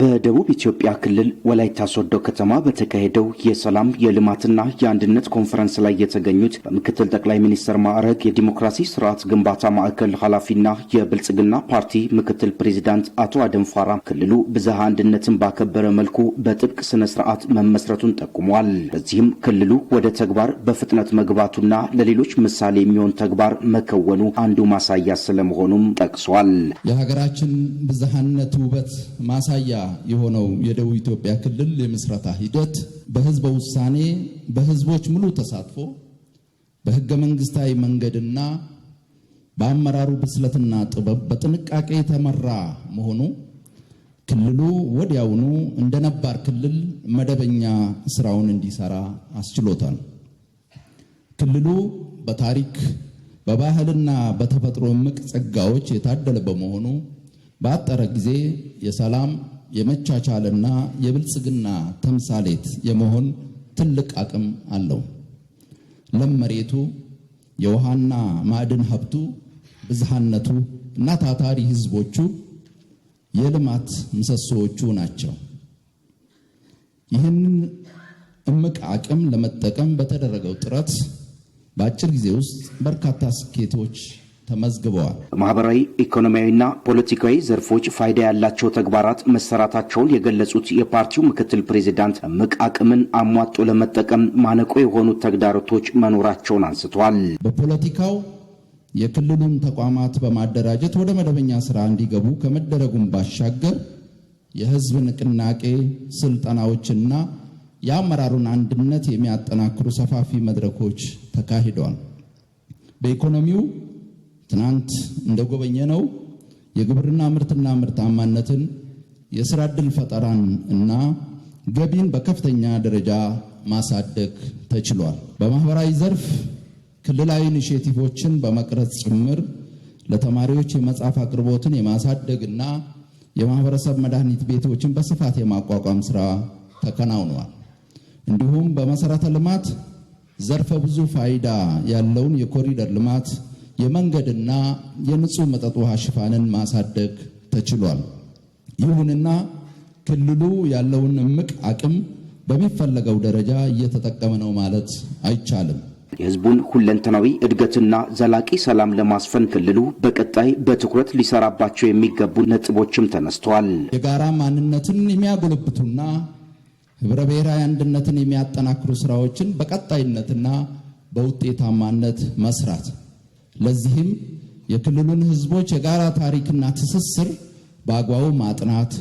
በደቡብ ኢትዮጵያ ክልል ወላይታ ሶዶ ከተማ በተካሄደው የሰላም የልማትና የአንድነት ኮንፈረንስ ላይ የተገኙት በምክትል ጠቅላይ ሚኒስትር ማዕረግ የዲሞክራሲ ስርዓት ግንባታ ማዕከል ኃላፊና የብልጽግና ፓርቲ ምክትል ፕሬዚዳንት አቶ አደም ፋራ ክልሉ ብዝሃ አንድነትን ባከበረ መልኩ በጥብቅ ስነ ስርዓት መመስረቱን ጠቁሟል። በዚህም ክልሉ ወደ ተግባር በፍጥነት መግባቱና ለሌሎች ምሳሌ የሚሆን ተግባር መከወኑ አንዱ ማሳያ ስለመሆኑም ጠቅሷል። የሀገራችን ብዝሃነት ውበት ማሳያ የሆነው የደቡብ ኢትዮጵያ ክልል የምስረታ ሂደት በህዝበ ውሳኔ በህዝቦች ሙሉ ተሳትፎ በህገ መንግስታዊ መንገድና በአመራሩ ብስለትና ጥበብ በጥንቃቄ የተመራ መሆኑ ክልሉ ወዲያውኑ እንደ ነባር ክልል መደበኛ ስራውን እንዲሰራ አስችሎታል። ክልሉ በታሪክ በባህልና በተፈጥሮ እምቅ ጸጋዎች የታደለ በመሆኑ በአጠረ ጊዜ የሰላም የመቻቻልና የብልጽግና ተምሳሌት የመሆን ትልቅ አቅም አለው። ለም መሬቱ፣ የውሃና ማዕድን ሀብቱ፣ ብዝሃነቱ እና ታታሪ ህዝቦቹ የልማት ምሰሶዎቹ ናቸው። ይህንን እምቅ አቅም ለመጠቀም በተደረገው ጥረት በአጭር ጊዜ ውስጥ በርካታ ስኬቶች ተመዝግበዋል። ማህበራዊ ኢኮኖሚያዊና ፖለቲካዊ ዘርፎች ፋይዳ ያላቸው ተግባራት መሰራታቸውን የገለጹት የፓርቲው ምክትል ፕሬዚዳንት እምቅ አቅምን አሟጦ ለመጠቀም ማነቆ የሆኑ ተግዳሮቶች መኖራቸውን አንስተዋል። በፖለቲካው የክልሉን ተቋማት በማደራጀት ወደ መደበኛ ስራ እንዲገቡ ከመደረጉም ባሻገር የህዝብ ንቅናቄ ስልጠናዎችና የአመራሩን አንድነት የሚያጠናክሩ ሰፋፊ መድረኮች ተካሂደዋል። በኢኮኖሚው ትናንት እንደጎበኘ ነው የግብርና ምርትና ምርታማነትን የስራ ዕድል ፈጠራን እና ገቢን በከፍተኛ ደረጃ ማሳደግ ተችሏል። በማህበራዊ ዘርፍ ክልላዊ ኢኒሼቲቮችን በመቅረጽ ጭምር ለተማሪዎች የመጽሐፍ አቅርቦትን የማሳደግ እና የማህበረሰብ መድኃኒት ቤቶችን በስፋት የማቋቋም ስራ ተከናውኗል። እንዲሁም በመሰረተ ልማት ዘርፈ ብዙ ፋይዳ ያለውን የኮሪደር ልማት የመንገድና የንጹህ መጠጥ ውሃ ሽፋንን ማሳደግ ተችሏል። ይሁንና ክልሉ ያለውን እምቅ አቅም በሚፈለገው ደረጃ እየተጠቀመ ነው ማለት አይቻልም። የሕዝቡን ሁለንተናዊ እድገትና ዘላቂ ሰላም ለማስፈን ክልሉ በቀጣይ በትኩረት ሊሰራባቸው የሚገቡ ነጥቦችም ተነስተዋል። የጋራ ማንነትን የሚያጎለብቱና ህብረ ብሔራዊ አንድነትን የሚያጠናክሩ ስራዎችን በቀጣይነትና በውጤታማነት መስራት ለዚህም የክልሉን ህዝቦች የጋራ ታሪክና ትስስር በአግባቡ ማጥናት፣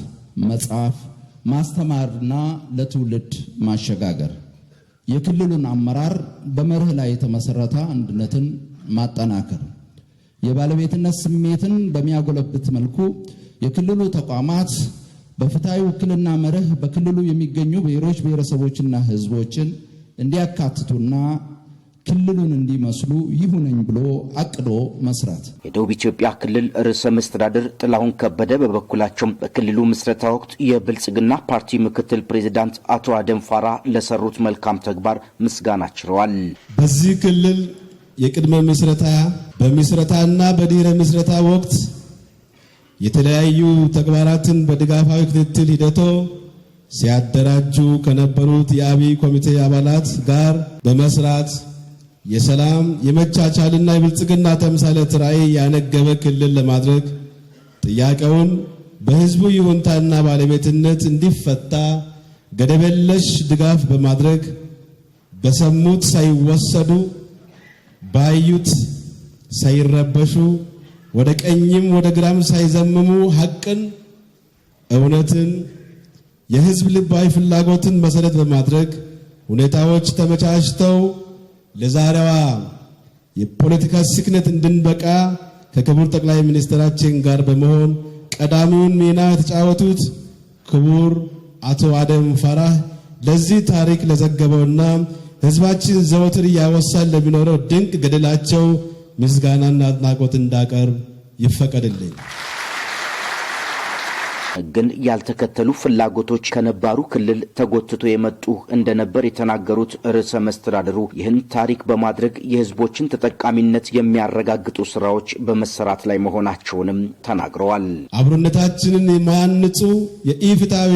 መጻፍ፣ ማስተማርና ለትውልድ ማሸጋገር የክልሉን አመራር በመርህ ላይ የተመሰረተ አንድነትን ማጠናከር የባለቤትነት ስሜትን በሚያጎለብት መልኩ የክልሉ ተቋማት በፍትሐዊ ውክልና መርህ በክልሉ የሚገኙ ብሔሮች፣ ብሔረሰቦችና ህዝቦችን እንዲያካትቱና ክልሉን እንዲመስሉ ይሁነኝ ብሎ አቅዶ መስራት። የደቡብ ኢትዮጵያ ክልል ርዕሰ መስተዳድር ጥላሁን ከበደ በበኩላቸው በክልሉ ምስረታ ወቅት የብልጽግና ፓርቲ ምክትል ፕሬዚዳንት አቶ አደም ፋራ ለሰሩት መልካም ተግባር ምስጋና ችረዋል። በዚህ ክልል የቅድመ ምስረታ በምስረታና በድህረ ምስረታ ወቅት የተለያዩ ተግባራትን በድጋፋዊ ክትትል ሂደቶ ሲያደራጁ ከነበሩት የአብይ ኮሚቴ አባላት ጋር በመስራት የሰላም የመቻቻልና የብልጽግና ተምሳሌት ራዕይ ያነገበ ክልል ለማድረግ ጥያቄውን በህዝቡ ይሁንታና ባለቤትነት እንዲፈታ ገደብ የለሽ ድጋፍ በማድረግ በሰሙት ሳይወሰዱ ባዩት ሳይረበሹ ወደ ቀኝም ወደ ግራም ሳይዘምሙ ሀቅን እውነትን፣ የህዝብ ልባዊ ፍላጎትን መሰረት በማድረግ ሁኔታዎች ተመቻችተው ለዛሬዋ የፖለቲካ ስክነት እንድንበቃ ከክቡር ጠቅላይ ሚኒስትራችን ጋር በመሆን ቀዳሚውን ሚና የተጫወቱት ክቡር አቶ አደም ፈራህ ለዚህ ታሪክ ለዘገበውና ሕዝባችን ዘወትር እያወሳን ለሚኖረው ድንቅ ገድላቸው ምስጋናና አድናቆት እንዳቀርብ ይፈቀድልኝ። ግን ያልተከተሉ ፍላጎቶች ከነባሩ ክልል ተጎትቶ የመጡ እንደነበር የተናገሩት ርዕሰ መስተዳድሩ ይህን ታሪክ በማድረግ የህዝቦችን ተጠቃሚነት የሚያረጋግጡ ስራዎች በመሰራት ላይ መሆናቸውንም ተናግረዋል። አብሮነታችንን የማያንጹ የኢፍትሐዊ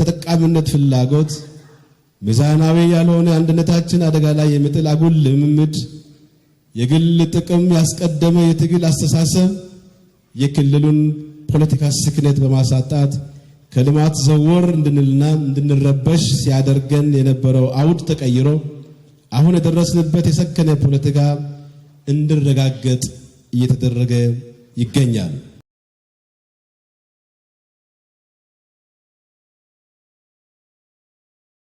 ተጠቃሚነት ፍላጎት፣ ሚዛናዊ ያልሆነ አንድነታችን አደጋ ላይ የሚጥል አጉል ልምምድ፣ የግል ጥቅም ያስቀደመ የትግል አስተሳሰብ የክልሉን የፖለቲካ ስክነት በማሳጣት ከልማት ዘወር እንድንልና እንድንረበሽ ሲያደርገን የነበረው አውድ ተቀይሮ አሁን የደረስንበት የሰከነ ፖለቲካ እንድረጋገጥ እየተደረገ ይገኛል።